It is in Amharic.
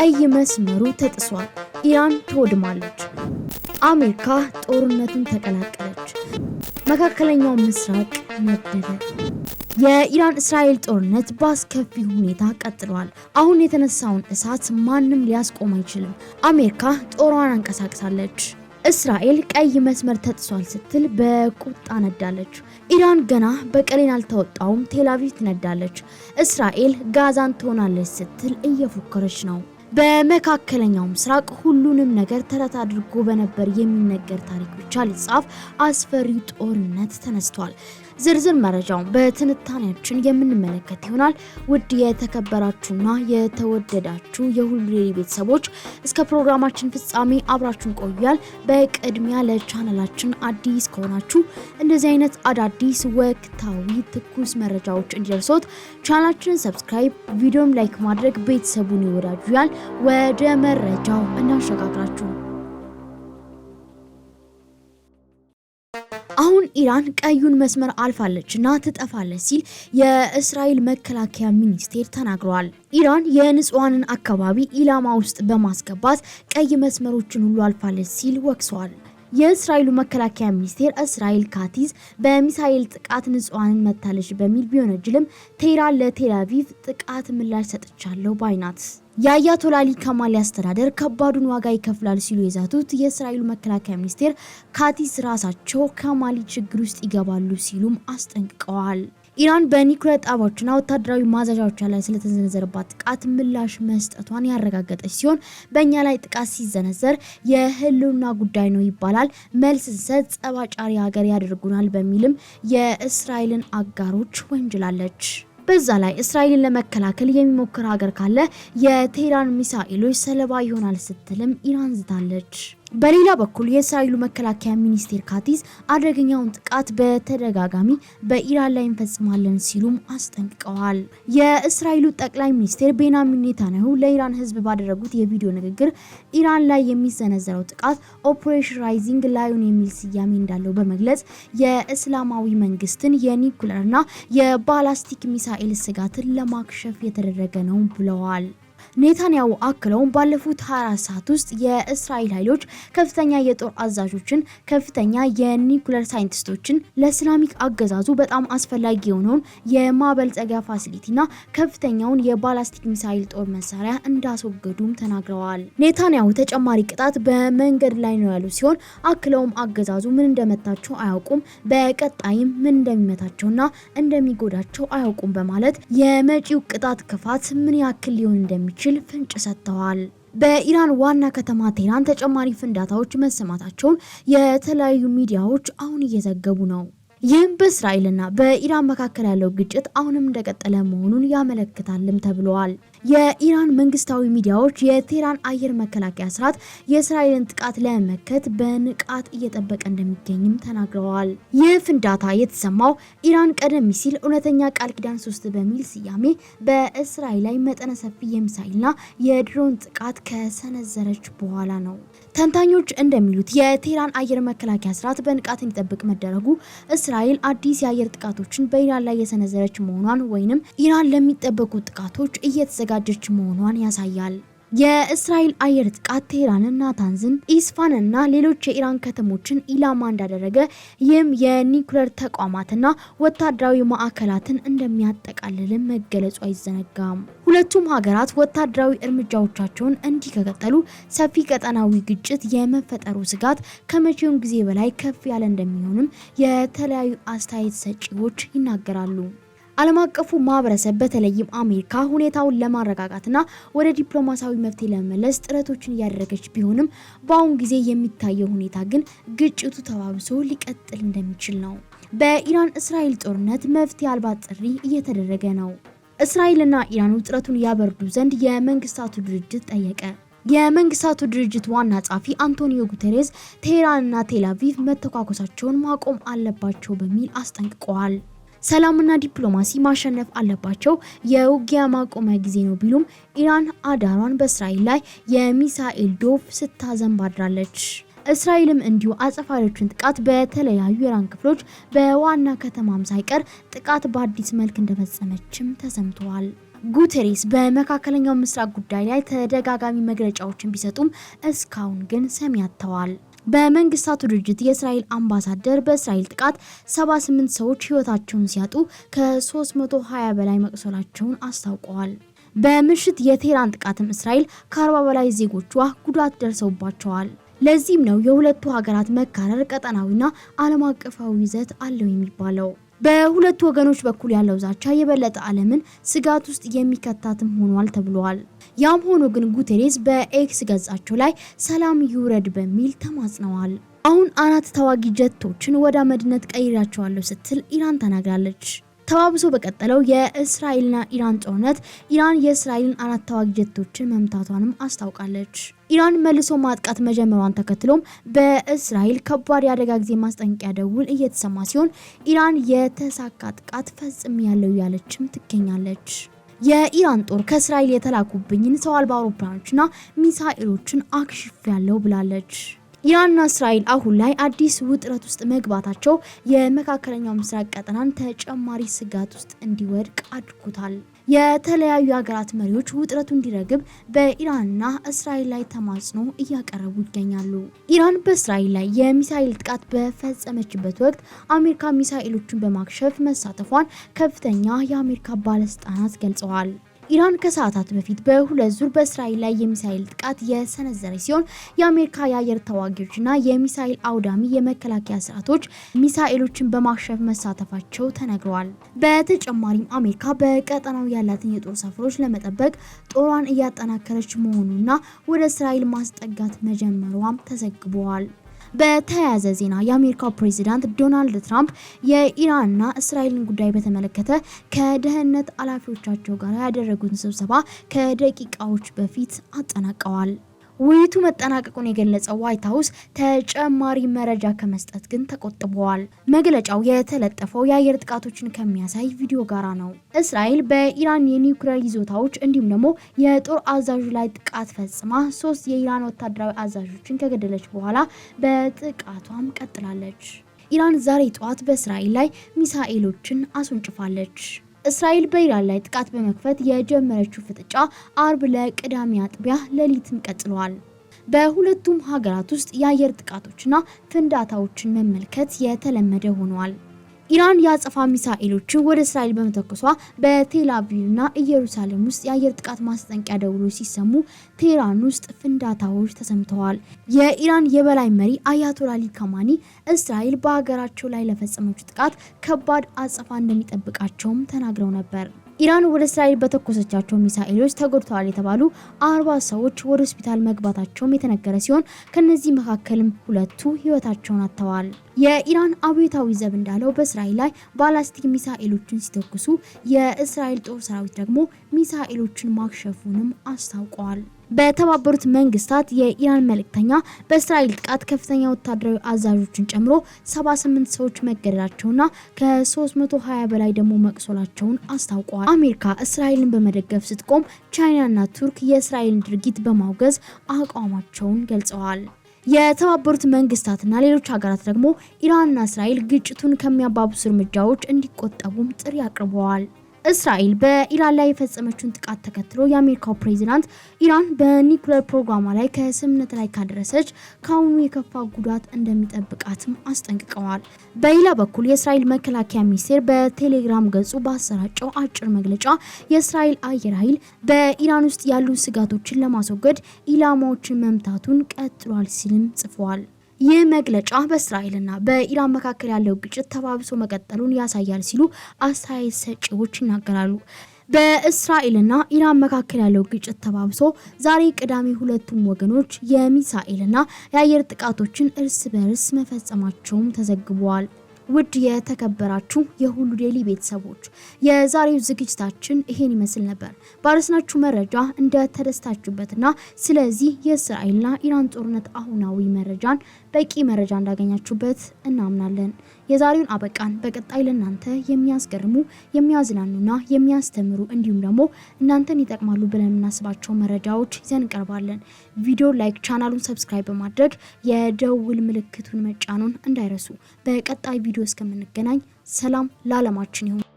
ቀይ መስመሩ ተጥሷል። ኢራን ትወድማለች። አሜሪካ ጦርነቱን ተቀላቀለች። መካከለኛው ምስራቅ ነደደ። የኢራን እስራኤል ጦርነት በአስከፊ ሁኔታ ቀጥሏል። አሁን የተነሳውን እሳት ማንም ሊያስቆም አይችልም። አሜሪካ ጦሯን አንቀሳቅሳለች። እስራኤል ቀይ መስመር ተጥሷል ስትል በቁጣ ነዳለች። ኢራን ገና በቀሌን አልተወጣውም፣ ቴላቪቭ ትነዳለች። እስራኤል ጋዛን ትሆናለች ስትል እየፎከረች ነው። በመካከለኛው ምስራቅ ሁሉንም ነገር ተረት አድርጎ በነበር የሚነገር ታሪክ ብቻ ሊጻፍ አስፈሪው ጦርነት ተነስቷል። ዝርዝር መረጃውን በትንታኔያችን የምንመለከት ይሆናል። ውድ የተከበራችሁና የተወደዳችሁ የሁሉ ዴይሊ ቤተሰቦች እስከ ፕሮግራማችን ፍጻሜ አብራችሁን ቆያል። በቅድሚያ ለቻናላችን አዲስ ከሆናችሁ እንደዚህ አይነት አዳዲስ ወቅታዊ ትኩስ መረጃዎች እንዲደርሶት ቻናላችንን ሰብስክራይብ፣ ቪዲዮም ላይክ ማድረግ ቤተሰቡን ይወዳጁያል። ወደ መረጃው እናሸጋግራችሁ። አሁን ኢራን ቀዩን መስመር አልፋለች እና ትጠፋለች ሲል የእስራኤል መከላከያ ሚኒስቴር ተናግረዋል። ኢራን የንጹሐንን አካባቢ ኢላማ ውስጥ በማስገባት ቀይ መስመሮችን ሁሉ አልፋለች ሲል ወቅሰዋል። የእስራኤሉ መከላከያ ሚኒስቴር እስራኤል ካቲዝ በሚሳኤል ጥቃት ንጹሐንን መታለች በሚል ቢወነጅልም ቴህራን ለቴል ጥቃት ምላሽ ሰጥቻለሁ ባይናት። የአያቶላሊ ከማሊ አስተዳደር ከባዱን ዋጋ ይከፍላል ሲሉ የዛቱት የእስራኤሉ መከላከያ ሚኒስቴር ካቲስ ራሳቸው ከማሊ ችግር ውስጥ ይገባሉ ሲሉም አስጠንቅቀዋል። ኢራን በኒኩሌር ጣቢያዎችና ወታደራዊ ማዛዣዎቿ ላይ ስለተዘነዘረባት ጥቃት ምላሽ መስጠቷን ያረጋገጠች ሲሆን በእኛ ላይ ጥቃት ሲዘነዘር የህልውና ጉዳይ ነው ይባላል፣ መልስ እንሰጥ፣ ጸባጫሪ ሀገር ያደርጉናል በሚልም የእስራኤልን አጋሮች ወንጅላለች። በዛ ላይ እስራኤልን ለመከላከል የሚሞክር ሀገር ካለ የቴህራን ሚሳኤሎች ሰለባ ይሆናል ስትልም ኢራን ዝታለች። በሌላ በኩል የእስራኤሉ መከላከያ ሚኒስቴር ካቲዝ አደገኛውን ጥቃት በተደጋጋሚ በኢራን ላይ እንፈጽማለን ሲሉም አስጠንቅቀዋል። የእስራኤሉ ጠቅላይ ሚኒስቴር ቤንያሚን ኔታንያሁ ለኢራን ሕዝብ ባደረጉት የቪዲዮ ንግግር ኢራን ላይ የሚሰነዘረው ጥቃት ኦፕሬሽን ራይዚንግ ላዮን የሚል ስያሜ እንዳለው በመግለጽ የእስላማዊ መንግስትን የኒኩለርና የባላስቲክ ሚሳኤል ስጋትን ለማክሸፍ የተደረገ ነው ብለዋል። ኔታንያሁ አክለውም ባለፉት 24 ሰዓት ውስጥ የእስራኤል ኃይሎች ከፍተኛ የጦር አዛዦችን፣ ከፍተኛ የኒኩለር ሳይንቲስቶችን ለእስላሚክ አገዛዙ በጣም አስፈላጊ የሆነውን የማበልጸጊያ ፋሲሊቲና ከፍተኛውን የባላስቲክ ሚሳይል ጦር መሳሪያ እንዳስወገዱም ተናግረዋል። ኔታንያሁ ተጨማሪ ቅጣት በመንገድ ላይ ነው ያሉ ሲሆን አክለውም አገዛዙ ምን እንደመታቸው አያውቁም፣ በቀጣይም ምን እንደሚመታቸውና እንደሚጎዳቸው አያውቁም በማለት የመጪው ቅጣት ክፋት ምን ያክል ሊሆን እንደሚችል እንደሚችል ፍንጭ ሰጥተዋል። በኢራን ዋና ከተማ ቴህራን ተጨማሪ ፍንዳታዎች መሰማታቸውን የተለያዩ ሚዲያዎች አሁን እየዘገቡ ነው። ይህም በእስራኤልና በኢራን መካከል ያለው ግጭት አሁንም እንደቀጠለ መሆኑን ያመለክታልም ተብለዋል። የኢራን መንግስታዊ ሚዲያዎች የቴህራን አየር መከላከያ ስርዓት የእስራኤልን ጥቃት ለመመከት በንቃት እየጠበቀ እንደሚገኝም ተናግረዋል። ይህ ፍንዳታ የተሰማው ኢራን ቀደም ሲል እውነተኛ ቃል ኪዳን ሶስት በሚል ስያሜ በእስራኤል ላይ መጠነ ሰፊ የሚሳይልና የድሮን ጥቃት ከሰነዘረች በኋላ ነው። ተንታኞች እንደሚሉት የቴህራን አየር መከላከያ ስርዓት በንቃት እንዲጠብቅ መደረጉ እስራኤል አዲስ የአየር ጥቃቶችን በኢራን ላይ የሰነዘረች መሆኗን ወይንም ኢራን ለሚጠበቁ ጥቃቶች እየተዘጋ እየተዘጋጀች መሆኗን ያሳያል። የእስራኤል አየር ጥቃት ታንዝን፣ ናታንዝን፣ እና ሌሎች የኢራን ከተሞችን ኢላማ እንዳደረገ ይህም የኒኩለር ተቋማትና ወታደራዊ ማዕከላትን እንደሚያጠቃልልም መገለጹ አይዘነጋም። ሁለቱም ሀገራት ወታደራዊ እርምጃዎቻቸውን እንዲህ ከቀጠሉ ሰፊ ቀጠናዊ ግጭት የመፈጠሩ ስጋት ከመቼውም ጊዜ በላይ ከፍ ያለ እንደሚሆንም የተለያዩ አስተያየት ሰጪዎች ይናገራሉ። ዓለም አቀፉ ማህበረሰብ በተለይም አሜሪካ ሁኔታውን ለማረጋጋትና ወደ ዲፕሎማሲያዊ መፍትሄ ለመመለስ ጥረቶችን እያደረገች ቢሆንም በአሁኑ ጊዜ የሚታየው ሁኔታ ግን ግጭቱ ተባብሶ ሊቀጥል እንደሚችል ነው። በኢራን እስራኤል ጦርነት መፍትሄ አልባ ጥሪ እየተደረገ ነው። እስራኤልና ኢራን ውጥረቱን ያበርዱ ዘንድ የመንግስታቱ ድርጅት ጠየቀ። የመንግስታቱ ድርጅት ዋና ጸሐፊ አንቶኒዮ ጉተሬዝ ቴህራንና ቴላቪቭ መተኳኮሳቸውን ማቆም አለባቸው በሚል አስጠንቅቀዋል። ሰላምና ዲፕሎማሲ ማሸነፍ አለባቸው፣ የውጊያ ማቆሚያ ጊዜ ነው ቢሉም ኢራን አዳሯን በእስራኤል ላይ የሚሳኤል ዶፍ ስታዘንብ አድራለች። እስራኤልም እንዲሁ አጸፋሪዎችን ጥቃት በተለያዩ የኢራን ክፍሎች በዋና ከተማም ሳይቀር ጥቃት በአዲስ መልክ እንደፈጸመችም ተሰምተዋል። ጉተሬስ በመካከለኛው ምስራቅ ጉዳይ ላይ ተደጋጋሚ መግለጫዎችን ቢሰጡም እስካሁን ግን ሰሚ አጥተዋል። በመንግስታቱ ድርጅት የእስራኤል አምባሳደር በእስራኤል ጥቃት 78 ሰዎች ህይወታቸውን ሲያጡ ከ320 በላይ መቁሰላቸውን አስታውቀዋል። በምሽት የቴህራን ጥቃትም እስራኤል ከ40 በላይ ዜጎቿ ጉዳት ደርሰውባቸዋል። ለዚህም ነው የሁለቱ ሀገራት መካረር ቀጠናዊና ዓለም አቀፋዊ ይዘት አለው የሚባለው። በሁለቱ ወገኖች በኩል ያለው ዛቻ የበለጠ ዓለምን ስጋት ውስጥ የሚከታትም ሆኗል ተብሏል። ያም ሆኖ ግን ጉቴሬስ በኤክስ ገጻቸው ላይ ሰላም ይውረድ በሚል ተማጽነዋል። አሁን አራት ተዋጊ ጀቶችን ወደ አመድነት ቀይራቸዋለሁ ስትል ኢራን ተናግራለች። ተባብሶ በቀጠለው የእስራኤልና ኢራን ጦርነት ኢራን የእስራኤልን አራት ተዋጊ ጀቶችን መምታቷንም አስታውቃለች። ኢራን መልሶ ማጥቃት መጀመሯን ተከትሎም በእስራኤል ከባድ የአደጋ ጊዜ ማስጠንቀቂያ ደውል እየተሰማ ሲሆን ኢራን የተሳካ ጥቃት ፈጽም ያለው ያለችም ትገኛለች። የኢራን ጦር ከእስራኤል የተላኩብኝን ሰው አልባ አውሮፕላኖችና ሚሳኤሎችን አክሽፍ ያለው ብላለች። ኢራንና እስራኤል አሁን ላይ አዲስ ውጥረት ውስጥ መግባታቸው የመካከለኛው ምስራቅ ቀጠናን ተጨማሪ ስጋት ውስጥ እንዲወድቅ አድርጎታል። የተለያዩ ሀገራት መሪዎች ውጥረቱ እንዲረግብ በኢራንና እስራኤል ላይ ተማጽኖ እያቀረቡ ይገኛሉ። ኢራን በእስራኤል ላይ የሚሳኤል ጥቃት በፈጸመችበት ወቅት አሜሪካ ሚሳኤሎቹን በማክሸፍ መሳተፏን ከፍተኛ የአሜሪካ ባለስልጣናት ገልጸዋል። ኢራን ከሰዓታት በፊት በሁለት ዙር በእስራኤል ላይ የሚሳኤል ጥቃት የሰነዘረች ሲሆን የአሜሪካ የአየር ተዋጊዎችና የሚሳኤል አውዳሚ የመከላከያ ስርዓቶች ሚሳኤሎችን በማክሸፍ መሳተፋቸው ተነግረዋል። በተጨማሪም አሜሪካ በቀጠናው ያላትን የጦር ሰፈሮች ለመጠበቅ ጦሯን እያጠናከረች መሆኑና ወደ እስራኤል ማስጠጋት መጀመሯም ተዘግበዋል። በተያያዘ ዜና የአሜሪካው ፕሬዚዳንት ዶናልድ ትራምፕ የኢራንና እስራኤልን ጉዳይ በተመለከተ ከደህንነት ኃላፊዎቻቸው ጋር ያደረጉትን ስብሰባ ከደቂቃዎች በፊት አጠናቀዋል። ውይይቱ መጠናቀቁን የገለጸው ዋይት ሀውስ ተጨማሪ መረጃ ከመስጠት ግን ተቆጥበዋል። መግለጫው የተለጠፈው የአየር ጥቃቶችን ከሚያሳይ ቪዲዮ ጋራ ነው። እስራኤል በኢራን የኒውክሌር ይዞታዎች እንዲሁም ደግሞ የጦር አዛዥ ላይ ጥቃት ፈጽማ ሶስት የኢራን ወታደራዊ አዛዦችን ከገደለች በኋላ በጥቃቷም ቀጥላለች። ኢራን ዛሬ ጠዋት በእስራኤል ላይ ሚሳኤሎችን አስወንጭፋለች። እስራኤል በኢራን ላይ ጥቃት በመክፈት የጀመረችው ፍጥጫ አርብ ለቅዳሜ አጥቢያ ሌሊትም ቀጥሏል። በሁለቱም ሀገራት ውስጥ የአየር ጥቃቶችና ፍንዳታዎችን መመልከት የተለመደ ሆኗል። ኢራን የአጸፋ ሚሳኤሎችን ወደ እስራኤል በመተኮሷ በቴል ኢየሩሳሌም ውስጥ የአየር ጥቃት ማስጠንቂያ ደውሎች ሲሰሙ ቴህራን ውስጥ ፍንዳታዎች ተሰምተዋል። የኢራን የበላይ መሪ አያቶላ አሊ ካማኒ እስራኤል በሀገራቸው ላይ ለፈጸመችው ጥቃት ከባድ አጸፋ እንደሚጠብቃቸውም ተናግረው ነበር። ኢራን ወደ እስራኤል በተኮሰቻቸው ሚሳኤሎች ተጎድተዋል የተባሉ አርባ ሰዎች ወደ ሆስፒታል መግባታቸውም የተነገረ ሲሆን ከነዚህ መካከልም ሁለቱ ህይወታቸውን አጥተዋል። የኢራን አብዮታዊ ዘብ እንዳለው በእስራኤል ላይ ባላስቲክ ሚሳኤሎችን ሲተኩሱ የእስራኤል ጦር ሰራዊት ደግሞ ሚሳኤሎችን ማክሸፉንም አስታውቀዋል። በተባበሩት መንግስታት የኢራን መልእክተኛ በእስራኤል ጥቃት ከፍተኛ ወታደራዊ አዛዦችን ጨምሮ 78 ሰዎች መገደላቸውና ከ320 በላይ ደግሞ መቁሰላቸውን አስታውቀዋል። አሜሪካ እስራኤልን በመደገፍ ስትቆም፣ ቻይናና ቱርክ የእስራኤልን ድርጊት በማውገዝ አቋማቸውን ገልጸዋል። የተባበሩት መንግስታትና ሌሎች ሀገራት ደግሞ ኢራንና እስራኤል ግጭቱን ከሚያባብሱ እርምጃዎች እንዲቆጠቡም ጥሪ አቅርበዋል። እስራኤል በኢራን ላይ የፈጸመችውን ጥቃት ተከትሎ የአሜሪካው ፕሬዚዳንት ኢራን በኒውክሌር ፕሮግራሟ ላይ ከስምምነት ላይ ካደረሰች ከአሁኑ የከፋ ጉዳት እንደሚጠብቃትም አስጠንቅቀዋል። በሌላ በኩል የእስራኤል መከላከያ ሚኒስቴር በቴሌግራም ገጹ ባሰራጨው አጭር መግለጫ የእስራኤል አየር ኃይል በኢራን ውስጥ ያሉ ስጋቶችን ለማስወገድ ኢላማዎችን መምታቱን ቀጥሏል ሲልም ጽፏል። ይህ መግለጫ በእስራኤልና በኢራን መካከል ያለው ግጭት ተባብሶ መቀጠሉን ያሳያል ሲሉ አስተያየት ሰጪዎች ይናገራሉ። በእስራኤልና ኢራን መካከል ያለው ግጭት ተባብሶ ዛሬ ቅዳሜ ሁለቱም ወገኖች የሚሳኤልና የአየር ጥቃቶችን እርስ በርስ መፈጸማቸውም ተዘግበዋል። ውድ የተከበራችሁ የሁሉ ዴይሊ ቤተሰቦች የዛሬው ዝግጅታችን ይሄን ይመስል ነበር። ባረስናችሁ መረጃ እንደተደስታችሁበትና ስለዚህ የእስራኤልና ኢራን ጦርነት አሁናዊ መረጃን በቂ መረጃ እንዳገኛችሁበት እናምናለን። የዛሬውን አበቃን። በቀጣይ ለእናንተ የሚያስገርሙ የሚያዝናኑና የሚያስተምሩ እንዲሁም ደግሞ እናንተን ይጠቅማሉ ብለን የምናስባቸው መረጃዎች ይዘን እንቀርባለን። ቪዲዮ ላይክ፣ ቻናሉን ሰብስክራይብ በማድረግ የደውል ምልክቱን መጫኑን እንዳይረሱ። በቀጣይ ቪዲዮ እስከምንገናኝ ሰላም ለዓለማችን ይሁን።